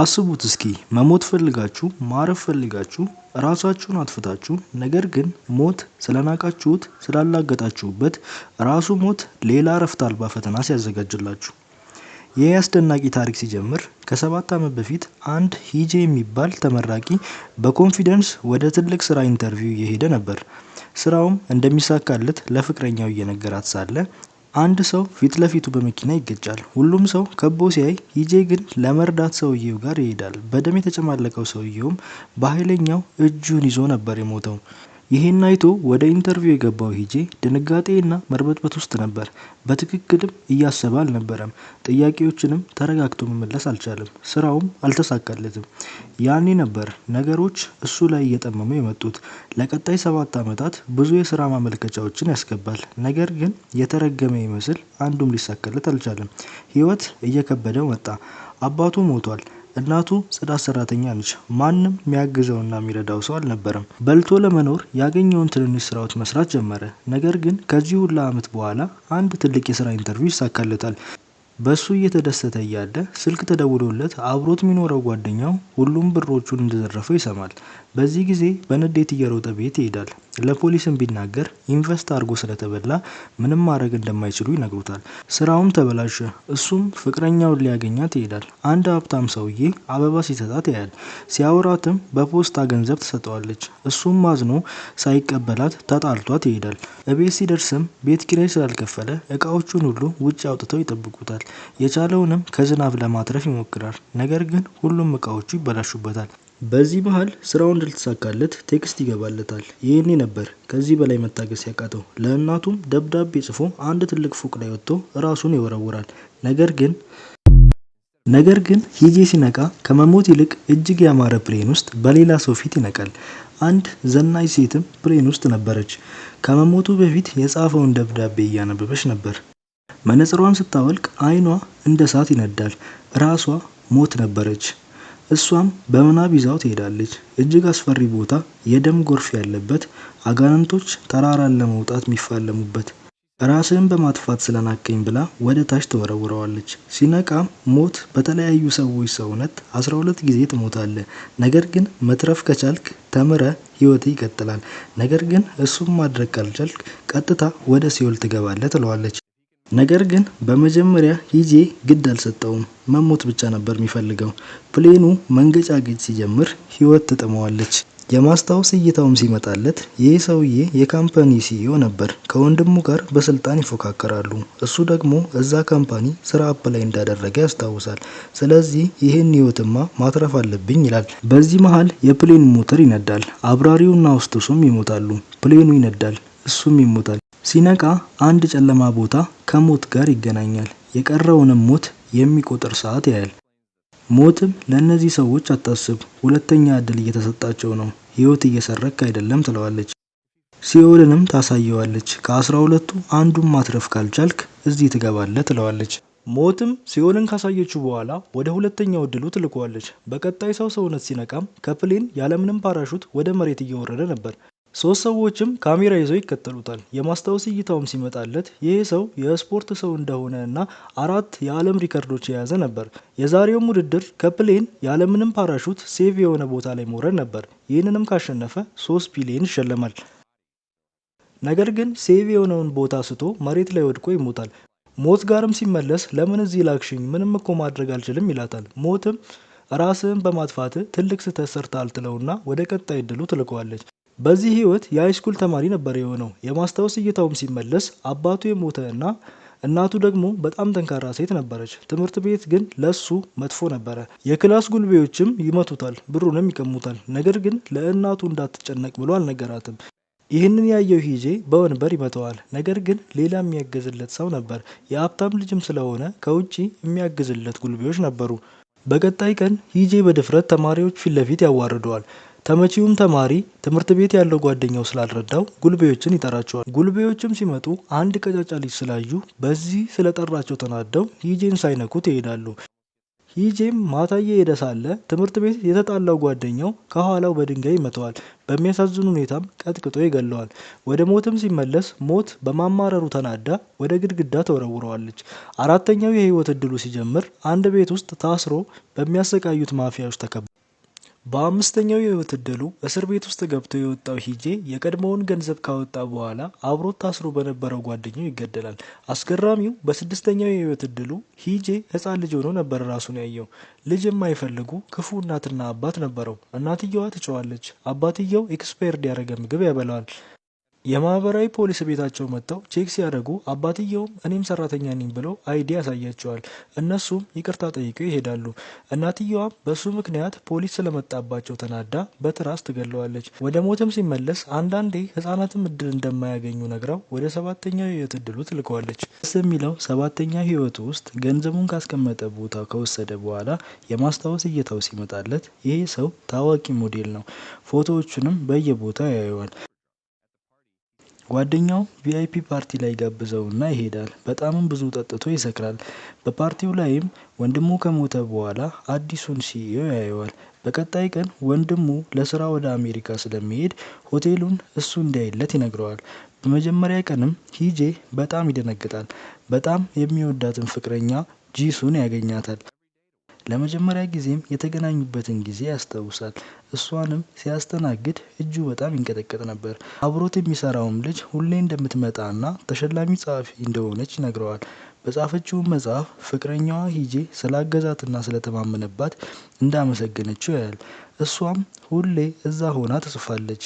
አስቡት እስኪ መሞት ፈልጋችሁ ማረፍ ፈልጋችሁ ራሳችሁን አጥፍታችሁ ነገር ግን ሞት ስለናቃችሁት ስላላገጣችሁበት ራሱ ሞት ሌላ እረፍት አልባ ፈተና ሲያዘጋጅላችሁ። ይህ አስደናቂ ታሪክ ሲጀምር ከሰባት ዓመት በፊት አንድ ሂጄ የሚባል ተመራቂ በኮንፊደንስ ወደ ትልቅ ስራ ኢንተርቪው እየሄደ ነበር። ስራውም እንደሚሳካለት ለፍቅረኛው እየነገራት ሳለ አንድ ሰው ፊት ለፊቱ በመኪና ይገጫል። ሁሉም ሰው ከቦ ሲያይ ይጄ ግን ለመርዳት ሰውየው ጋር ይሄዳል። በደም የተጨማለቀው ሰውየውም በኃይለኛው እጁን ይዞ ነበር የሞተው። ይህን አይቶ ወደ ኢንተርቪው የገባው ሂጄ ድንጋጤና መርበጥበት ውስጥ ነበር። በትክክልም እያሰበ አልነበረም። ጥያቄዎችንም ተረጋግቶ መመለስ አልቻለም። ስራውም አልተሳካለትም። ያኔ ነበር ነገሮች እሱ ላይ እየጠመሙ የመጡት። ለቀጣይ ሰባት ዓመታት ብዙ የስራ ማመልከቻዎችን ያስገባል። ነገር ግን የተረገመ ይመስል አንዱም ሊሳካለት አልቻለም። ህይወት እየከበደው መጣ። አባቱ ሞቷል። እናቱ ጽዳት ሰራተኛ ነች። ማንም የሚያግዘውና የሚረዳው ሰው አልነበረም። በልቶ ለመኖር ያገኘውን ትንንሽ ስራዎች መስራት ጀመረ። ነገር ግን ከዚህ ሁላ ዓመት በኋላ አንድ ትልቅ የስራ ኢንተርቪው ይሳካለታል። በእሱ እየተደሰተ እያለ ስልክ ተደውሎለት አብሮት የሚኖረው ጓደኛው ሁሉም ብሮቹን እንደዘረፈው ይሰማል። በዚህ ጊዜ በንዴት እየሮጠ ቤት ይሄዳል። ለፖሊስም ቢናገር ኢንቨስት አድርጎ ስለተበላ ምንም ማድረግ እንደማይችሉ ይነግሩታል። ስራውም ተበላሸ። እሱም ፍቅረኛውን ሊያገኛት ይሄዳል። አንድ ሀብታም ሰውዬ አበባ ሲሰጣት ያያል። ሲያወራትም በፖስታ ገንዘብ ትሰጠዋለች። እሱም አዝኖ ሳይቀበላት ተጣልቷት ይሄዳል። እቤት ሲደርስም ቤት ኪራይ ስላልከፈለ እቃዎቹን ሁሉ ውጭ አውጥተው ይጠብቁታል። የቻለውንም ከዝናብ ለማትረፍ ይሞክራል። ነገር ግን ሁሉም እቃዎቹ ይበላሹበታል። በዚህ መሃል ስራው እንዳልተሳካለት ቴክስት ይገባለታል። ይህኔ ነበር ከዚህ በላይ መታገስ ያቃተው። ለእናቱም ደብዳቤ ጽፎ አንድ ትልቅ ፎቅ ላይ ወጥቶ ራሱን ይወረውራል። ነገር ግን ነገር ግን ሂጄ ሲነቃ ከመሞት ይልቅ እጅግ ያማረ ፕሌን ውስጥ በሌላ ሰው ፊት ይነቃል። አንድ ዘናኝ ሴትም ፕሌን ውስጥ ነበረች። ከመሞቱ በፊት የጻፈውን ደብዳቤ እያነበበች ነበር። መነጽሯን ስታወልቅ አይኗ እንደ እሳት ይነዳል። ራሷ ሞት ነበረች። እሷም በምናብ ይዛው ትሄዳለች። እጅግ አስፈሪ ቦታ፣ የደም ጎርፍ ያለበት፣ አጋንንቶች ተራራን ለመውጣት የሚፋለሙበት። ራስህን በማጥፋት ስለናቀኝ ብላ ወደ ታች ትወረውረዋለች። ሲነቃም ሞት በተለያዩ ሰዎች ሰውነት 12 ጊዜ ትሞታለህ። ነገር ግን መትረፍ ከቻልክ ተምረ ህይወት ይቀጥላል። ነገር ግን እሱም ማድረግ ካልቻልክ ቀጥታ ወደ ሲኦል ትገባለህ ትለዋለች ነገር ግን በመጀመሪያ ሂጄ ግድ አልሰጠውም መሞት ብቻ ነበር የሚፈልገው። ፕሌኑ መንገጫገጭ ሲጀምር ህይወት ትጥመዋለች። የማስታወስ እይታውም ሲመጣለት ይህ ሰውዬ የካምፓኒ ሲኢኦ ነበር። ከወንድሙ ጋር በስልጣን ይፎካከራሉ። እሱ ደግሞ እዛ ካምፓኒ ስራ አፕላይ እንዳደረገ ያስታውሳል። ስለዚህ ይህን ህይወትማ ማትረፍ አለብኝ ይላል። በዚህ መሀል የፕሌን ሞተር ይነዳል። አብራሪውና ውስጥሱም ይሞታሉ። ፕሌኑ ይነዳል፣ እሱም ይሞታል። ሲነቃ አንድ ጨለማ ቦታ ከሞት ጋር ይገናኛል። የቀረውንም ሞት የሚቆጥር ሰዓት ያያል። ሞትም ለእነዚህ ሰዎች አታስብ፣ ሁለተኛ ዕድል እየተሰጣቸው ነው፣ ሕይወት እየሰረክ አይደለም ትለዋለች። ሲኦልንም ታሳየዋለች። ከአስራ ሁለቱ አንዱን ማትረፍ ካልቻልክ እዚህ ትገባለህ ትለዋለች። ሞትም ሲኦልን ካሳየችው በኋላ ወደ ሁለተኛው እድሉ ትልኳለች በቀጣይ ሰው ሰውነት ሲነቃም ከፕሌን ያለምንም ፓራሹት ወደ መሬት እየወረደ ነበር። ሶስት ሰዎችም ካሜራ ይዘው ይከተሉታል። የማስታወስ እይታውም ሲመጣለት ይህ ሰው የስፖርት ሰው እንደሆነ እና አራት የዓለም ሪከርዶች የያዘ ነበር። የዛሬውም ውድድር ከፕሌን ያለምንም ፓራሹት ሴቭ የሆነ ቦታ ላይ መውረድ ነበር። ይህንንም ካሸነፈ ሶስት ቢሊዮን ይሸለማል። ነገር ግን ሴቭ የሆነውን ቦታ ስቶ መሬት ላይ ወድቆ ይሞታል። ሞት ጋርም ሲመለስ ለምን እዚህ ላክሽኝ? ምንም እኮ ማድረግ አልችልም ይላታል። ሞትም ራስህን በማጥፋት ትልቅ ስህተት ሰርተሃል ትለውና ወደ ቀጣይ እድሉ ትልከዋለች። በዚህ ህይወት የሃይስኩል ተማሪ ነበር የሆነው። የማስታወስ እይታውም ሲመለስ አባቱ የሞተ እና እናቱ ደግሞ በጣም ጠንካራ ሴት ነበረች። ትምህርት ቤት ግን ለሱ መጥፎ ነበረ። የክላስ ጉልቤዎችም ይመቱታል፣ ብሩንም ይቀሙታል። ነገር ግን ለእናቱ እንዳትጨነቅ ብሎ አልነገራትም። ይህንን ያየው ሂጄ በወንበር ይመተዋል። ነገር ግን ሌላ የሚያግዝለት ሰው ነበር። የሀብታም ልጅም ስለሆነ ከውጪ የሚያግዝለት ጉልቤዎች ነበሩ። በቀጣይ ቀን ሂጄ በድፍረት ተማሪዎች ፊት ለፊት ያዋርደዋል። ተመቺውም ተማሪ ትምህርት ቤት ያለው ጓደኛው ስላልረዳው ጉልቤዎችን ይጠራቸዋል። ጉልቤዎችም ሲመጡ አንድ ቀጫጫ ልጅ ስላዩ በዚህ ስለጠራቸው ተናደው ሂጄን ሳይነኩት ይሄዳሉ። ሂጄም ማታ እየሄደ ሳለ ትምህርት ቤት የተጣላው ጓደኛው ከኋላው በድንጋይ ይመተዋል። በሚያሳዝን ሁኔታም ቀጥቅጦ ይገለዋል። ወደ ሞትም ሲመለስ ሞት በማማረሩ ተናዳ ወደ ግድግዳ ተወረውረዋለች። አራተኛው የህይወት እድሉ ሲጀምር አንድ ቤት ውስጥ ታስሮ በሚያሰቃዩት ማፊያዎች ተከቧል። በአምስተኛው የህይወት እድሉ እስር ቤት ውስጥ ገብቶ የወጣው ሂጄ የቀድሞውን ገንዘብ ካወጣ በኋላ አብሮ ታስሮ በነበረው ጓደኛው ይገደላል። አስገራሚው በስድስተኛው የህይወት እድሉ ሂጄ ህፃን ልጅ ሆኖ ነበር ራሱን ያየው። ልጅ የማይፈልጉ ክፉ እናትና አባት ነበረው። እናትየዋ ትጨዋለች፣ አባትየው ኤክስፓየርድ ያደረገ ምግብ ያበላዋል። የማህበራዊ ፖሊስ ቤታቸው መጥተው ቼክ ሲያደርጉ አባትየውም እኔም ሰራተኛ ነኝ ብለው አይዲ ያሳያቸዋል። እነሱም ይቅርታ ጠይቀው ይሄዳሉ። እናትየዋም በሱ ምክንያት ፖሊስ ስለመጣባቸው ተናዳ በትራስ ትገለዋለች። ወደ ሞትም ሲመለስ አንዳንዴ ህጻናትም እድል እንደማያገኙ ነግረው ወደ ሰባተኛው ህይወት እድሉ ትልከዋለች። ደስ የሚለው ሰባተኛ ህይወቱ ውስጥ ገንዘቡን ካስቀመጠ ቦታ ከወሰደ በኋላ የማስታወስ እይታው ሲመጣለት ይሄ ሰው ታዋቂ ሞዴል ነው፣ ፎቶዎቹንም በየቦታ ያየዋል። ጓደኛው ቪአይፒ ፓርቲ ላይ ጋብዘውና ይሄዳል በጣምም ብዙ ጠጥቶ ይሰክራል። በፓርቲው ላይም ወንድሙ ከሞተ በኋላ አዲሱን ሲኢኦ ያየዋል። በቀጣይ ቀን ወንድሙ ለስራ ወደ አሜሪካ ስለሚሄድ ሆቴሉን እሱ እንዲያይለት ይነግረዋል። በመጀመሪያ ቀንም ሂጄ በጣም ይደነግጣል። በጣም የሚወዳትን ፍቅረኛ ጂሱን ያገኛታል ለመጀመሪያ ጊዜም የተገናኙበትን ጊዜ ያስታውሳል። እሷንም ሲያስተናግድ እጁ በጣም ይንቀጠቀጥ ነበር። አብሮት የሚሰራውም ልጅ ሁሌ እንደምትመጣና ተሸላሚ ጸሐፊ እንደሆነች ይነግረዋል በጻፈችው መጽሐፍ ፍቅረኛዋ ሂጄ ስላገዛትና ስለተማመነባት እንዳመሰገነችው ያያል። እሷም ሁሌ እዛ ሆና ትጽፋለች።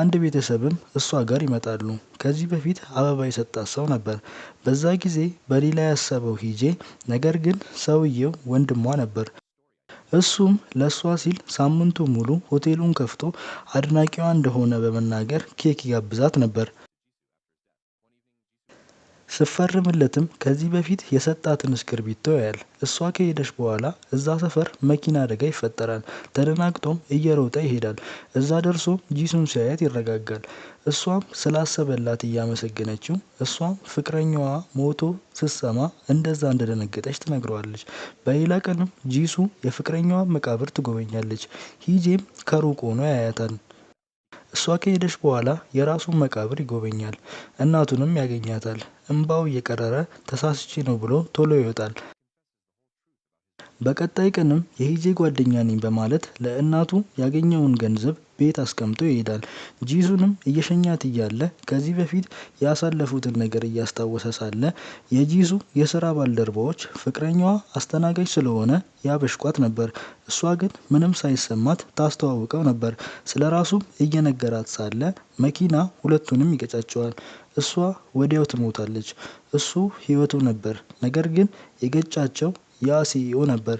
አንድ ቤተሰብም እሷ ጋር ይመጣሉ። ከዚህ በፊት አበባ የሰጣት ሰው ነበር። በዛ ጊዜ በሌላ ያሰበው ሂጄ ነገር ግን ሰውየው ወንድሟ ነበር። እሱም ለእሷ ሲል ሳምንቱ ሙሉ ሆቴሉን ከፍቶ አድናቂዋ እንደሆነ በመናገር ኬክ ይጋብዛት ነበር ስፈርምለትም ከዚህ በፊት የሰጣትን እስክርቢቶ ያያል። እሷ ከሄደች በኋላ እዛ ሰፈር መኪና አደጋ ይፈጠራል። ተደናግጦም እየሮጠ ይሄዳል። እዛ ደርሶ ጂሱን ሲያያት ይረጋጋል። እሷም ስላሰበላት እያመሰገነችው እሷም ፍቅረኛዋ ሞቶ ስትሰማ እንደዛ እንደደነገጠች ትነግረዋለች። በሌላ ቀንም ጂሱ የፍቅረኛዋ መቃብር ትጎበኛለች። ሂጄም ከሩቅ ሆኖ ያያታል እሷ ከሄደች በኋላ የራሱን መቃብር ይጎበኛል። እናቱንም ያገኛታል። እምባው እየቀረረ ተሳስቼ ነው ብሎ ቶሎ ይወጣል። በቀጣይ ቀንም የሂጄ ጓደኛ ነኝ በማለት ለእናቱ ያገኘውን ገንዘብ ቤት አስቀምጦ ይሄዳል። ጂሱንም እየሸኛት እያለ ከዚህ በፊት ያሳለፉትን ነገር እያስታወሰ ሳለ የጂሱ የስራ ባልደረባዎች ፍቅረኛዋ አስተናጋጅ ስለሆነ ያበሽቋት ነበር። እሷ ግን ምንም ሳይሰማት ታስተዋውቀው ነበር። ስለ ራሱም እየነገራት ሳለ መኪና ሁለቱንም ይገጫቸዋል። እሷ ወዲያው ትሞታለች። እሱ ህይወቱ ነበር። ነገር ግን የገጫቸው ያ ሲኢኦ ነበር